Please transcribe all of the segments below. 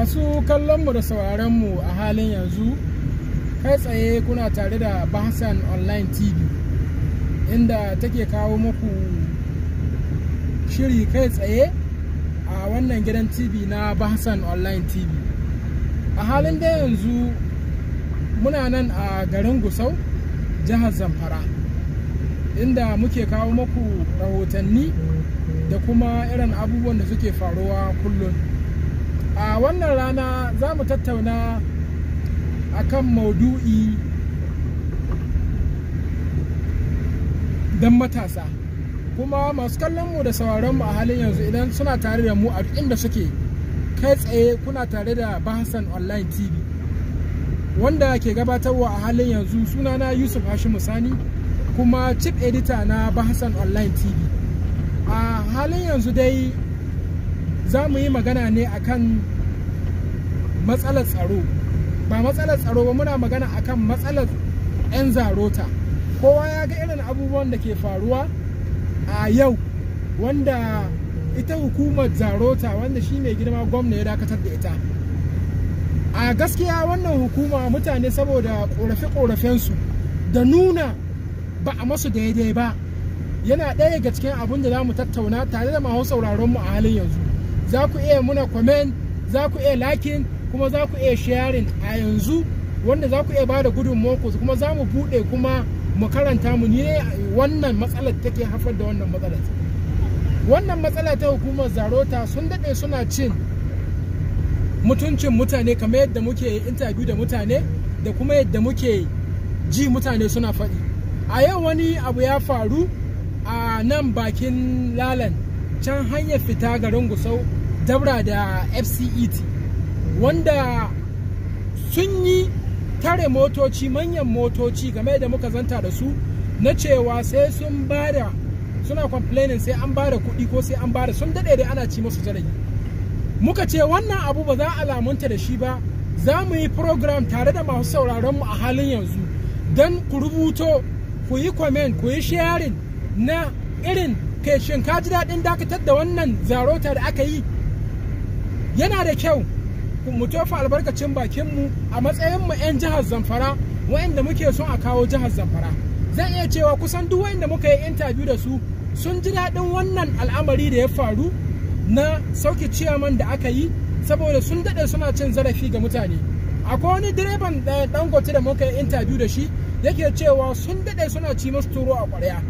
masu mu da mu a halin yanzu kai tsaye kuna tare da bahasan online tv inda take kawo muku shiri kai tsaye a wannan gidan tv na bahsan online tv a halin da yanzu muna nan a garin gusau jihar zamfara inda muke kawo muku rahotanni da kuma irin abubuwan da suke faruwa kullum a wannan rana za mu tattauna a kan maudu'i don matasa kuma masu kallon mu da sauraron mu a halin yanzu idan suna tare da mu a duk inda suke kai tsaye kuna tare da bahasan online tv wanda ke gabatarwa a halin yanzu sunana yusuf hashimu sani kuma chief editor na bahasan online tv a halin yanzu dai za mu yi magana ne akan matsalar tsaro ba matsalar tsaro ba muna magana akan matsalar 'yan zarota kowa ya ga irin abubuwan da ke faruwa a yau wanda ita hukumar zarota wanda shi mai girma gwamna ya dakatar da ita a gaskiya wannan hukuma mutane saboda ƙorafe korafensu da nuna ba a masu daidai ba yana ɗaya ga cikin abin da za mu tattauna tare da mahau sauraronmu a halin yanzu za ku iya muna comment za ku iya liking kuma za ku iya sharing a yanzu wanda za ku iya ba da gudunmuwa kuma za mu buɗe kuma mu karanta mu ne wannan matsalar take haifar da wannan matsalar wannan matsala ta hukumar zarota sun daɗe suna cin mutuncin mutane kamar yadda muke interview da mutane da kuma yadda muke ji mutane suna faɗi a yau wani abu ya faru a nan bakin lalan can hanyar fita garin gusau dabra da fcet wanda sun yi tare motoci manyan motoci game da muka zanta da su na cewa sai sun bada suna complaining sai an bada kuɗi ko sai an bada sun daɗe da ana ci musu zarafi muka ce wannan abu ba za a lamunta da shi ba za mu yi program tare da masu sauraron mu a halin yanzu don ku rubuto ku yi comment ku yi sharing na irin kai shin ka ji daɗin dakatar da wannan zarota da aka yi yana da kyau mu tofa albarkacin bakinmu a matsayin mu 'yan jihar zamfara waɗanda muke son a kawo jihar zamfara zan iya cewa kusan duk waɗanda muka yi interview da su sun ji daɗin wannan al'amari da ya faru na sauke ciyaman da aka yi saboda sun daɗe suna cin zarafi ga mutane akwai wani direban dangote da muka yi interview da shi yake cewa sun daɗe suna ci masu turo a ƙwarya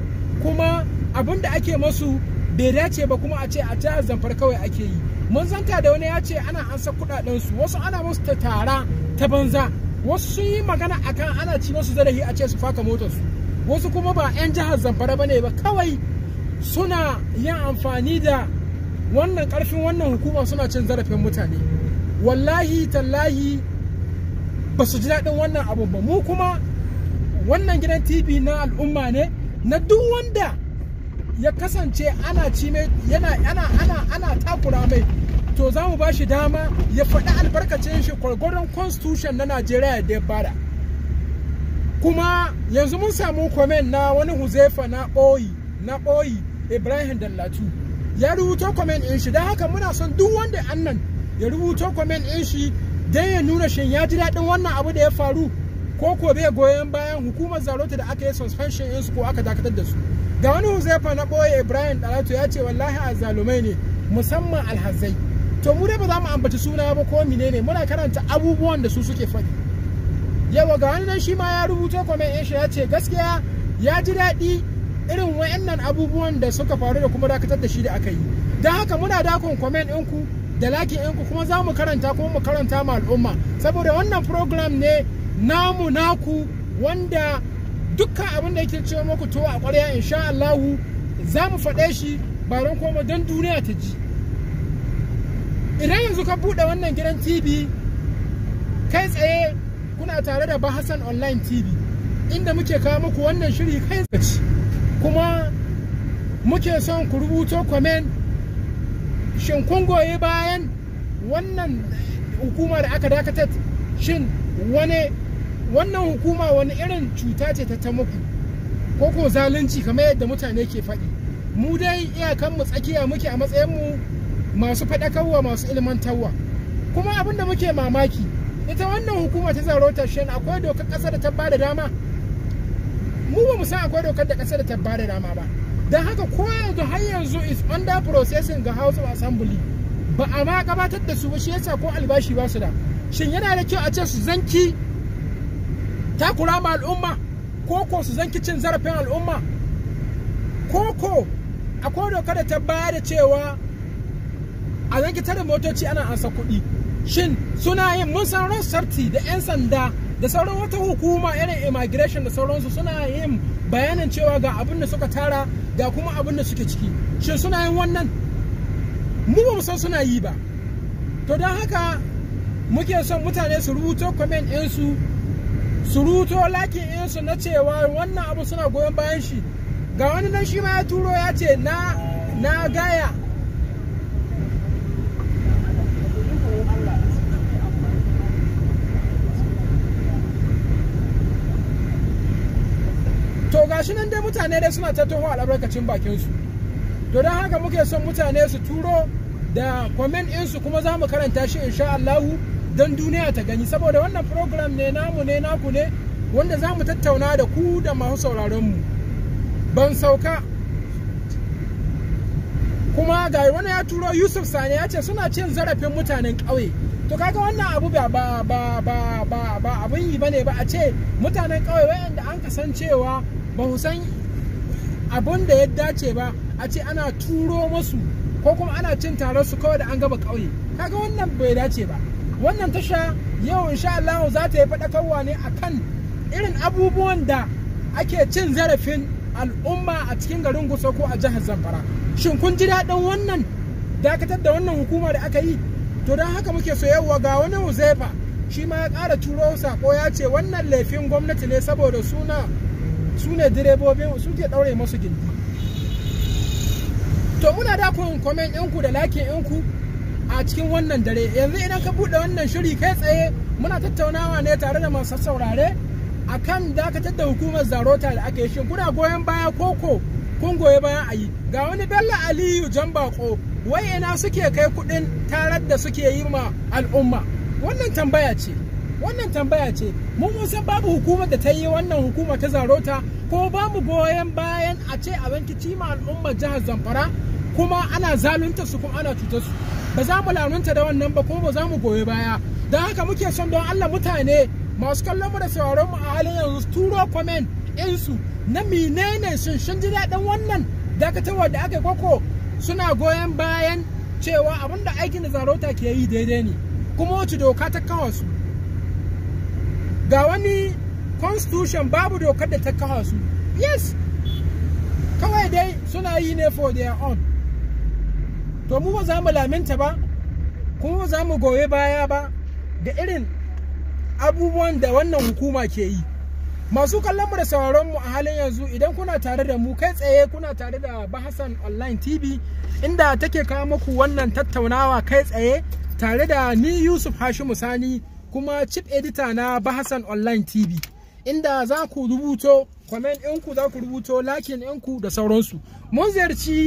kuma abin da ake masu bai dace ba kuma a ce a jihar zamfara kawai ake yi mun zanta da wani ya ce ana ansa kudaden su wasu ana musu ta tara ta banza wasu sun yi magana akan ana ci musu zarafi a ce su faka motar su wasu kuma ba 'yan jihar zamfara bane ba kawai suna yin amfani da wannan karfin wannan hukuma suna cin zarafin mutane wallahi tallahi ba su ji daɗin wannan abu ba mu kuma wannan gidan tv na al'umma ne na duk wanda ya kasance ana ci yana ana ana ana takura mai to za mu ba shi dama ya faɗi albarkacin shi gwargwaron constitution na najeriya da ya bada kuma yanzu mun samu komen na wani huzefa na ɓoyi na ɓoyi ibrahim dallatu ya rubuto komen ɗin shi don haka muna son duk wanda annan ya rubuto komen ɗin shi don ya nuna shin ya ji daɗin wannan abu da ya faru ko ko bai goyon bayan hukumar zarota da aka yi suspension ɗinsu ko aka dakatar da su ga wani huzaifa na ɓoye ibrahim dalatu ya ce wallahi zalumai ne musamman alhazai to mu dai ba za mu ambaci suna ba ko menene muna karanta abubuwan da su suke faɗi yawa ga wani nan shi ma ya rubuto kwamen ɗin shi ya ce gaskiya ya ji daɗi irin wa'annan abubuwan da suka faru da kuma dakatar da shi da aka yi don haka muna dakon kwamen ɗinku da lakin ɗinku kuma za mu karanta kuma mu karanta ma al'umma saboda wannan program ne namu naku wanda dukkan abin da yake cewa muku to a ƙwarya insha Allahu za mu faɗe shi ba koma don duniya ta ji idan yanzu ka buɗe wannan gidan tv kai tsaye kuna tare da bahasan online tv inda muke kawo muku wannan shiri kai tsaye. kuma muke son ku rubuto comment shin kun goyi bayan wannan hukumar aka dakatar shin wani wannan hukuma wani irin cuta ce ta ta muku ko ko zalunci kamar yadda mutane ke faɗi mu dai iyakan mu tsakiya muke a matsayin mu masu faɗakarwa masu ilmantarwa kuma abin da muke mamaki ita wannan hukuma ta tsaro ta shen akwai dokar ƙasa da ta bada dama mu ba mu san akwai dokar da ƙasa da ta bada dama ba don haka ko yanzu har yanzu is under processing ga house of assembly ba a ma gabatar da su ba shi yasa ko albashi ba su da shin yana da kyau a ce su zanki takura ma al'umma koko su zanki cin zarafin al'umma koko akwai doka da ta bayar da cewa a zanki tare motoci ana ansa kuɗi shin suna yin mun san sarti da 'yan sanda da sauran wata hukuma irin immigration da sauransu suna yin bayanin cewa ga abin da suka tara ga kuma abin da suke ciki shin suna yin wannan mu ba mu san suna yi ba to don haka muke son mutane su rubuto comment ɗinsu suruto lakin su na cewa wannan abu suna goyon bayan shi ga wani nan shi ma ya turo ya ce na na gaya to gashi nan dai mutane dai suna ta toho albarkacin bakinsu to don haka muke son mutane su turo da kwamen insu kuma za mu karanta shi insha Allahu don duniya ta gani saboda wannan program ne namu ne naku ne wanda za mu tattauna da ku da masu mu ban sauka kuma ga wani ya turo yusuf sani ya ce suna cin zarafin mutanen ƙauye to kaga wannan abu ba ba ba ba ba ba abin yi bane ba a ce mutanen ƙauye wayanda an kasancewa ba san abun da ya dace ba a ce ana turo musu ko kuma ana cin taron su kawai da an gaba ƙauye kaga wannan bai dace ba wannan tasha yau insha Allah za ta yi faɗakarwa ne akan irin abubuwan da ake cin zarafin al'umma a cikin garin gusa ko a jihar Zamfara shin kun ji daɗin wannan dakatar da wannan hukuma da aka yi to don haka muke so yawwa ga wani Huzaifa shi ma ya kara turo sako ya ce wannan laifin gwamnati ne saboda suna su ne direbobin ke ɗaure musu gindi to muna da kun komen ɗinku da lakin ɗinku a cikin wannan dare yanzu idan ka bude wannan shiri kai tsaye muna tattaunawa ne tare da masu saurare a kan dakatar da hukumar zarota da aka yi shi kuna goyon baya koko kun goyi bayan ayi ga wani bello aliyu jan bako wai ina suke kai kudin tarar da suke yi ma al'umma wannan tambaya ce wannan tambaya ce mun san babu hukumar da ta yi wannan hukumar ta zarota ko ba mu goyon bayan a ce a banki ma al'ummar jihar zamfara kuma ana zalunta su kuma ana cutar su ba za mu larunta da wannan ba ko ba za mu goyi baya don haka muke son don Allah mutane masu kallon mu da sauraron mu a halin yanzu turo comment insu na menene shin shin ji daɗin wannan dakatarwa da aka koko suna goyon bayan cewa abin aikin da zarauta ke yi daidai ne kuma wacce doka ta kawo su ga wani constitution babu dokar da ta kawo su yes kawai dai suna yi ne for their own to mu ba za mu laminta ba kuma ba za mu goye baya ba da irin abubuwan da wannan hukuma ke yi masu kallon mu da sauraron mu a halin yanzu idan kuna tare da mu kai tsaye kuna tare da bahasan online tv inda take kawo muku wannan tattaunawa kai tsaye tare da ni yusuf hashimu sani kuma chief editor na bahasan online tv inda za ku rubuto comment ɗinku za ku rubuto lakin ɗinku da sauransu mun ziyarci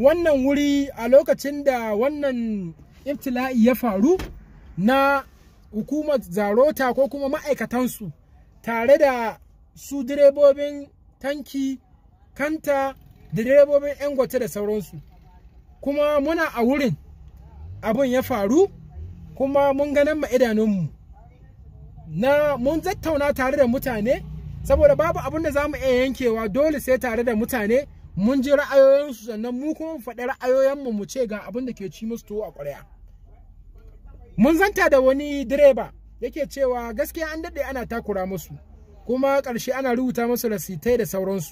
wannan wuri a lokacin da wannan iftila'i ya faru na hukumar zarota ko kuma ma'aikatansu tare da su direbobin tanki kanta direbobin 'yan gwace da sauransu kuma muna a wurin abin ya faru kuma mun ganin ma idanunmu na mun zattauna tare da mutane saboda babu abin da za mu iya yankewa dole sai tare da mutane mun ji ra'ayoyinsu sannan mu kuma mu faɗi ra'ayoyinmu mu ce ga abin da ke ci musu tuwo a ƙwarya mun zanta da wani direba yake cewa gaskiya an daɗe ana takura musu kuma ƙarshe ana rubuta musu rasitai da sauransu